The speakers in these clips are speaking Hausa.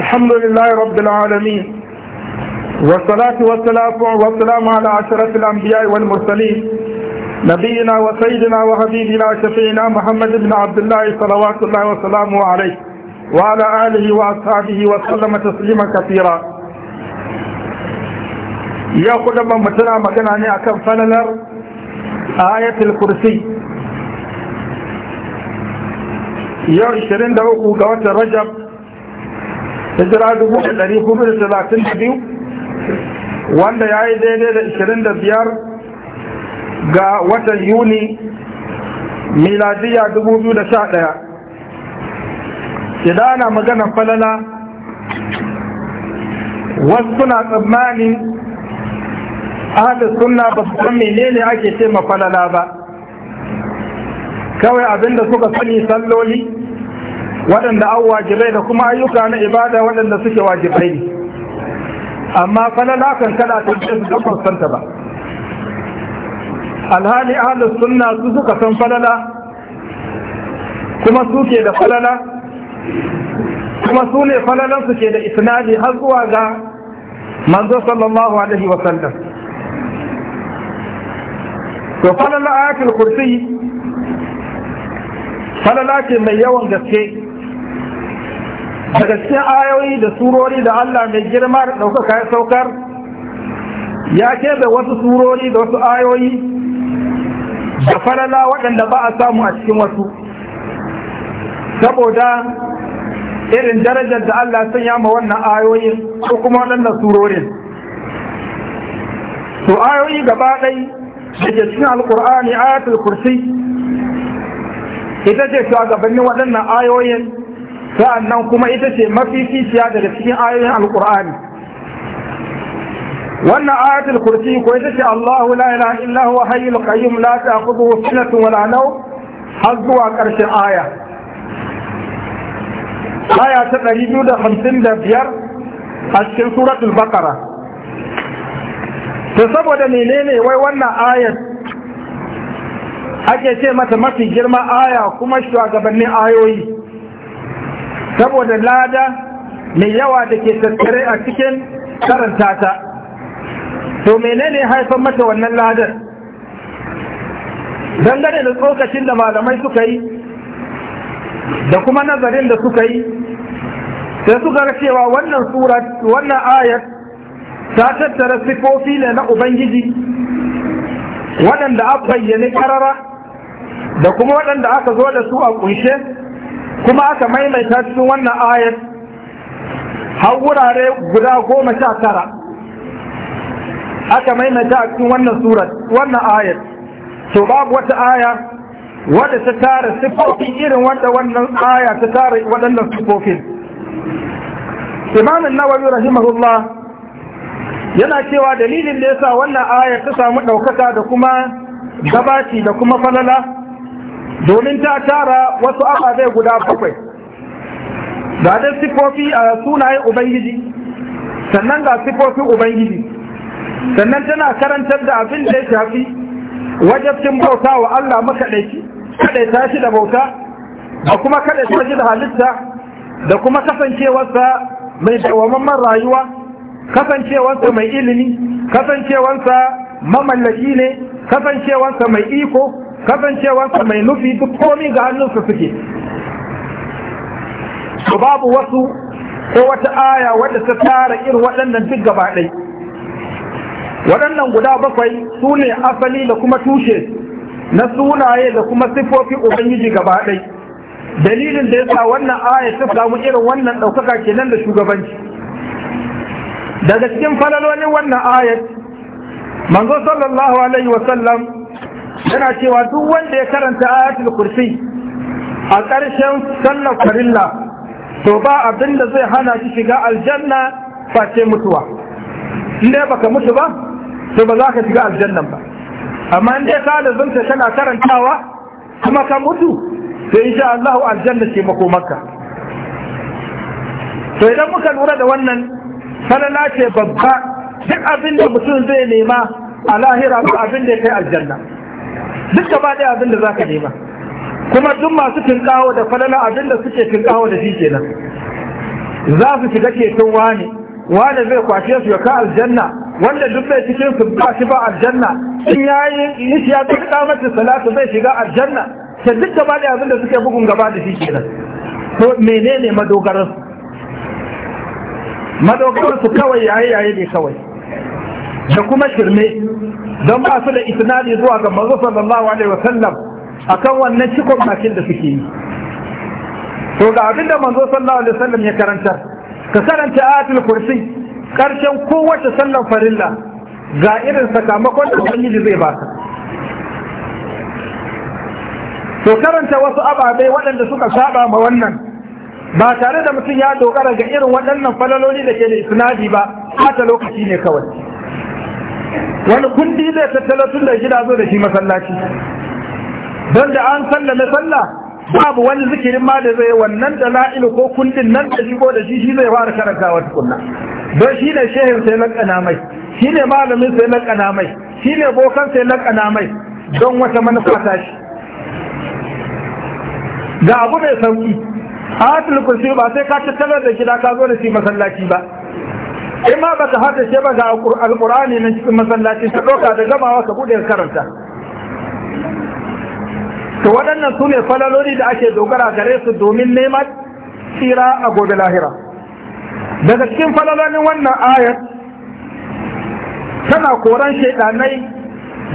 الحمد لله رب العالمين والصلاة والسلام, والسلام على عشرة الأنبياء والمرسلين نبينا وسيدنا وحبيبنا شفينا محمد بن عبد الله صلوات الله وسلامه عليه وعلى آله وأصحابه وسلم تسليما كثيرا يأخذ من متنا مجنعني أكم فللر آية الكرسي يا 23 دعوه قوات الرجب hijira 432 wanda ya yi daidai da 25 ga watan yuni miladiya 2011 idan ana magana falala wasu suna tsammanin ahalin suna ba su san menene ake ce falala ba kawai abinda suka sani salloli waɗanda an wajibai da kuma ayyuka na ibada waɗanda suke wajibai ne amma falala kan kana ta ce su ɗaukar santa ba alhali ahalus sunna su suka san falala kuma su ke da falala kuma su ne falalan su ke da isnadi har zuwa ga manzo sallallahu alaihi wa sallam to falala ayatul kursi falala ce mai yawan gaske daga cikin ayoyi da surori da Allah mai girma da ɗaukaka ya saukar ya keɓe wasu surori da wasu ayoyi da falala waɗanda ba a samu a cikin wasu saboda irin darajar da Allah sanya ma wannan ayoyin ko kuma waɗannan surorin to ayoyi gaba ɗai da ke cikin alkur'ani ayatul kursi ita ce shugabannin waɗannan ayoyin sa'annan kuma ita ce mafi kishiya daga cikin ayoyin alkur'ani wannan ayatul kursi ko ita ce Allahu la ilaha illa huwa hayyul qayyum la ta'khudhuhu sinatun wala nawm har zuwa ƙarshen aya aya ta 255 a cikin suratul baqara to saboda menene wai wannan ayat ake ce mata mafi girma aya kuma shugabannin ayoyi saboda lada mai yawa da ke tattare a cikin karanta ta to menene haifar mata wannan ladar dangane da tsokacin da malamai suka yi da kuma nazarin da suka yi sai suka cewa wannan sura wannan ayat ta tattara sifofi ne na ubangiji waɗanda a bayyane karara da kuma waɗanda aka zo da su a ƙunshe kuma aka maimaita cikin wannan ayat har wurare guda goma sha tara aka maimaita a cikin wannan surat wannan ayat to babu wata aya wadda ta tara siffofin irin wadda wannan aya ta tara waɗannan siffofin imamin nawawi rahimahullah yana cewa dalilin da yasa wannan aya ta samu ɗaukaka da kuma gabaci da kuma falala domin ta tara wasu ababe guda bakwai ga dai sifofi a sunayen ubangiji sannan ga sifofin ubangiji sannan tana karantar da abin da ya shafi wajabcin bauta wa Allah makaɗaiki kaɗaita shi da bauta da kuma kaɗaita shi da halitta da kuma kasancewarsa mai dawamamman rayuwa kasancewarsa mai ilimi kasancewarsa mamallaki ne kasancewarsa mai iko kasancewarsa mai nufi duk komi ga hannunsa suke Su babu wasu ko wata aya wadda ta tara irin waɗannan duk gaba ɗai waɗannan guda bakwai su ne asali da kuma tushe na sunaye da kuma siffofin ubangiji gaba ɗai dalilin da ya sa wannan aya ta samu irin wannan ɗaukaka kenan da shugabanci daga cikin falalolin wannan ayat manzo sallallahu alaihi sallam. yana cewa duk wanda ya karanta ayatul kursi a ƙarshen sallar farilla to ba abin da zai hana shi shiga aljanna face mutuwa inda baka mutu ba to ba za ka shiga aljannan ba amma in dai ka da zunta tana karantawa kuma ka mutu to insha Allah aljanna ce makomarka to idan muka lura da wannan falala ce babba duk abin da mutum zai nema a lahira ko abin da ya kai aljanna duk ba ɗaya abin da za ka nema kuma duk masu tinkawo da falala abin da suke tinkawo da shi kenan za su shiga cikin wani wani zai kwashe su ya ka aljanna wanda duk bai cikin su ba shi ba aljanna in yayi yi ya ta kada mata salatu zai shiga aljanna ta duk ba dai abin da suke bugun gaba da shi kenan to menene madogaran su madogaran su kawai yayi yayi ne kawai da kuma shirme don ba su da isnadi zuwa ga manzo sallallahu alaihi wasallam akan wannan cikon bakin da suke yi to ga abin da manzo sallallahu alaihi wasallam ya karanta ka karanta ayatul kursi karshen kowace sallar farilla ga irin sakamakon da wani ubangiji zai baka to karanta wasu ababe waɗanda suka saba ma wannan ba tare da mutum ya dogara ga irin waɗannan falaloli da ke da isnadi ba ta lokaci ne kawai wani kundi zai tattala tun da gida zo da shi masallaci don da an sallame sallah babu wani zikirin ma da zai wannan da la'ilu ko kundin nan da shigo da shi shi zai fara karanta wata kunna. don shi ne shehin sai na mai shi ne malamin sai na mai shi ne bokan sai na mai don wata manufa ta shi ga abu mai sauki a hatin kursi ba sai ka tattalar da gida ka zo da shi masallaci ba in ma baka shi ba ga alqur'ani nan cikin masallaci ta doka da gamawa ka bude karanta to waɗannan sune ne falaloli da ake dogara gare su domin neman tsira a gobe lahira daga cikin falalolin wannan ayat tana koran shaidanai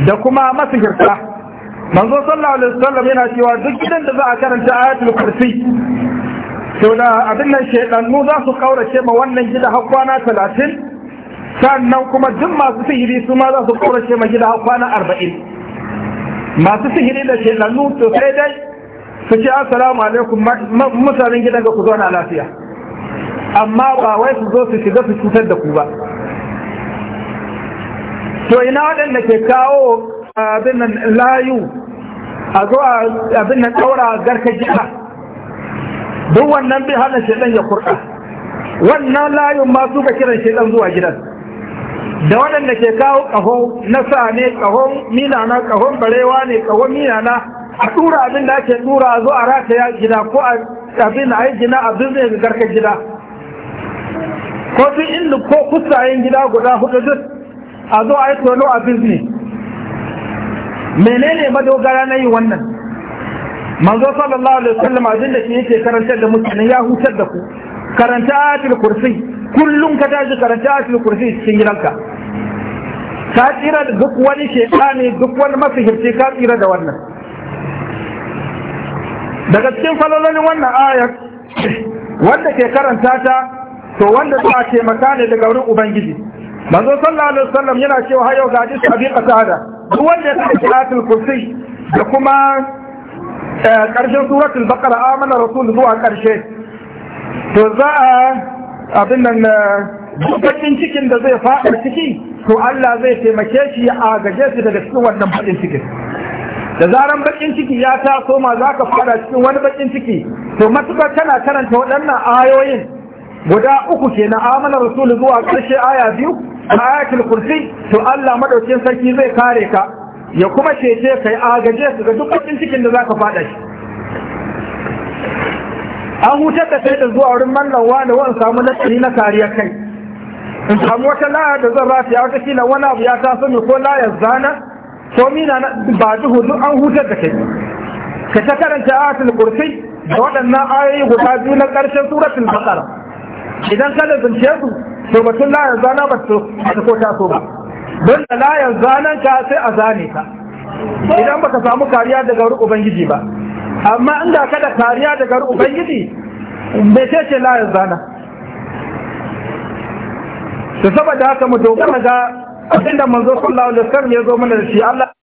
da kuma masihirta manzo sallallahu alaihi wasallam yana cewa duk gidan da za a karanta ayatul kursi to da abin nan shaidannu za su kaurace ma wannan gida har talatin sannan kuma duk masu sihiri su ma za su kaurace ma gida har arba'in masu sihiri da shaidannu to sai dai su ce assalamu alaikum mutanen gidan ga ku zauna lafiya amma ba wai su zo su shiga su cutar da ku ba to ina waɗanda ke kawo abin nan layu a zo abin nan ɗaura garkar jiha duk wannan bai hana shaidan ya kurɗa wannan layin ma su ka kiran shaidan zuwa gidan da waɗanda ke kawo ƙaho na sa ne ƙahon minana ƙahon barewa ne ƙahon minana a tura abin da ake tura a zo a rataya gida ko a abin a yi gina abin ga garkar gida ko in inda ko kusayen gida guda hudu duk a zo a yi tono a ne menene madogara na yi wannan manzo sallallahu alaihi wasallam abinda shi yake karantar da mutane ya hutar da ku karanta ayatul kursi kullum ka tashi karanta ayatul kursi cikin gidanka ka tsira da duk wani shekani duk wani masihirci ka tsira da wannan daga cikin falalolin wannan ayar wanda ke karanta ta to wanda za a taimaka ne daga wurin ubangiji manzo sallallahu alaihi wasallam yana cewa hayo ga hadisi abi qasada duk wanda ya karanta ayatul kursi da kuma ƙarshen eh, suratul baqara amana rasul zuwa ƙarshe to za a abin nan eh, bakin cikin da zai faɗa ciki to Allah zai taimake shi a agaje shi daga cikin wannan bakin cikin da zaran bakin ciki ya tasoma ma za ka faɗa cikin wani bakin ciki to matuƙa kana karanta waɗannan ayoyin guda uku ke na amana rasulu zuwa ƙarshe aya biyu a ayatul kursi to Allah madaukin sarki zai kare ka ya kuma cece kai agaje su ga duk cikin da za ka faɗa shi an hutar da sai da zuwa wurin mallan wani wani samu nasari na kariya kai in samu wata laya da zan a wata kila wani abu ya taso mai ko layar zana ko mina ba duhu duk an hutar da kai ka ta karanta ayatul kursi da waɗannan ayoyi guda biyu na ƙarshen suratul baqara idan ka da zance su to batun layar zana ba su ko taso ba don da layan zanen ka sai a zane ka idan baka samu kariya daga wurin ubangiji ba amma inda kada kariya daga wurin ubangiji mai ce ce layan zana da saboda haka mu dogara ga abinda manzo sallallahu alaihi wasallam ya zo mana da shi Allah